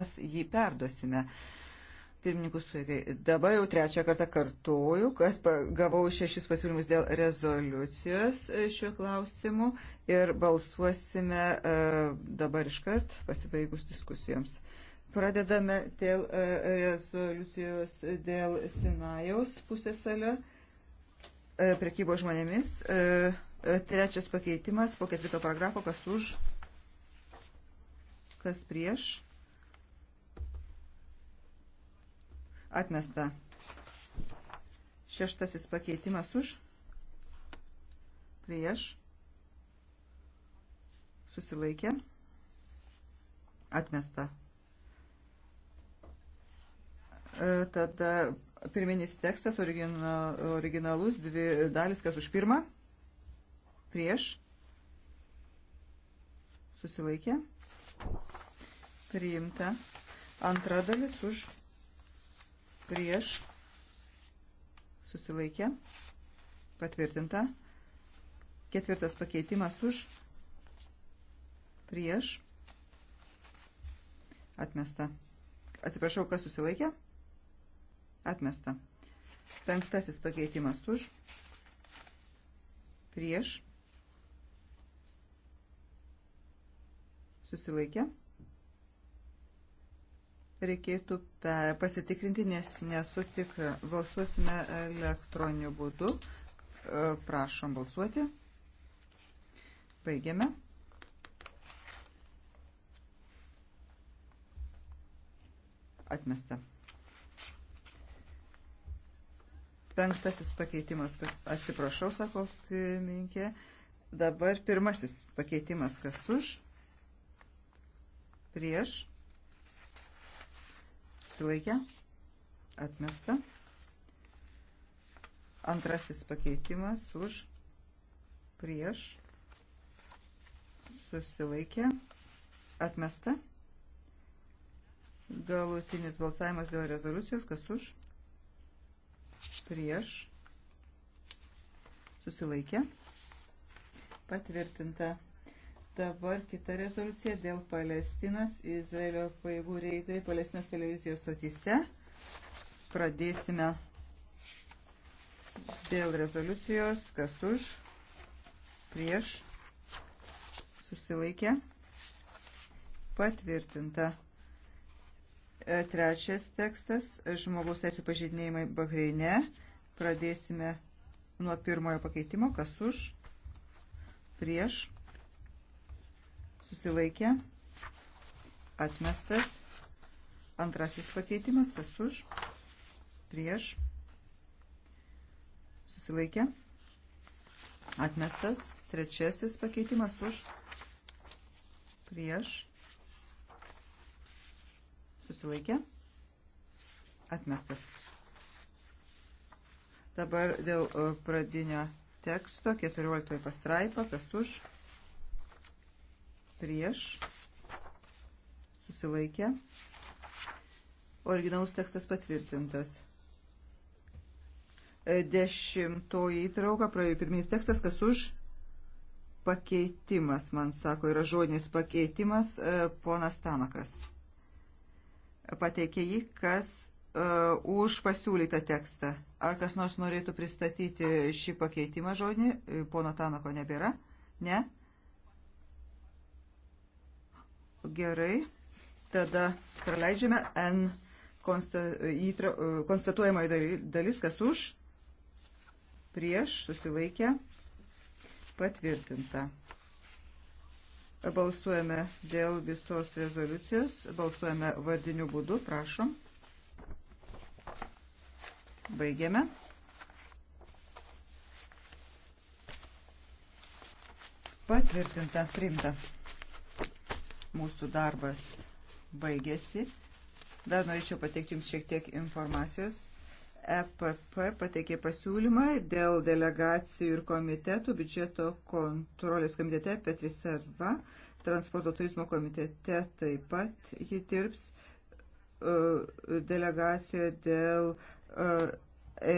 mes jį perdosime. Pirmininkų suėgai. Dabar jau trečią kartą kartuoju, kad gavau šešis pasiūlymus dėl rezoliucijos e, šiuo klausimu ir balsuosime e, dabar iškart pasibaigus diskusijoms. Pradedame dėl e, rezoliucijos dėl Sinajaus pusėsalio prekybo žmonėmis. Trečias pakeitimas po ketvirto paragrafo, kas už, kas prieš Atmesta. Šeštasis pakeitimas už. Prieš. Susilaikė. Atmesta. E, tada pirminis tekstas, original, originalus, dvi dalis, kas už pirmą. Prieš. Susilaikė. Priimta. Antra dalis už prieš, susilaikė, patvirtinta. Ketvirtas pakeitimas už, prieš, atmesta. Atsiprašau, kas susilaikė? Atmesta. Penktasis pakeitimas už, prieš, susilaikė, atmesta reikėtų pasitikrinti, nes nesu tikra. Balsuosime elektroniniu būdu. E, prašom balsuoti. Baigiame. Atmesta. Penktasis pakeitimas, kad atsiprašau, sako pirmininkė. Dabar pirmasis pakeitimas, kas už, prieš, susilaikė, atmesta. Antrasis pakeitimas už, prieš, susilaikė, atmesta. Galutinis balsavimas dėl rezoliucijos, kas už, prieš, susilaikė, patvirtinta. Dabar kita rezoliucija dėl Palestinos, Izraelio pajėgų reidai Palestinos televizijos stotise. Pradėsime dėl rezoliucijos, kas už, prieš, susilaikė, patvirtinta. E, trečias tekstas, žmogaus teisų pažydinėjimai Bahreine. Pradėsime nuo pirmojo pakeitimo, kas už, prieš, susilaikė, atmestas. Antrasis pakeitimas, kas už, prieš, susilaikė, atmestas. Trečiasis pakeitimas už, prieš, susilaikė, atmestas. Dabar dėl e, pradinio teksto, 14 pastraipa, kas už, prieš prieš, susilaikė. Originalus tekstas patvirtintas. E, dešimtoji įtrauka, praėjo pirminis tekstas, kas už pakeitimas, man sako, yra žodinis pakeitimas, e, ponas Tanakas. Pateikė jį, kas uh, už pasiūlytą tekstą. Ar kas nors norėtų pristatyti šį pakeitimą žodinį? Pono Tanako nebėra? Ne? Gerai. Tada praleidžiame N konstatuojamoji dalis, kas už, prieš, susilaikę, patvirtinta. Balsuojame dėl visos rezoliucijos, balsuojame vardiniu būdu, prašom. Baigiame. Patvirtinta, priimta mūsų darbas baigėsi. Dar norėčiau pateikti Jums šiek tiek informacijos. EPP pateikė pasiūlymą dėl delegacijų ir komitetų biudžeto kontrolės komitete Petris Serva, transporto turizmo komitete taip pat ji dirbs e, delegacijoje dėl e,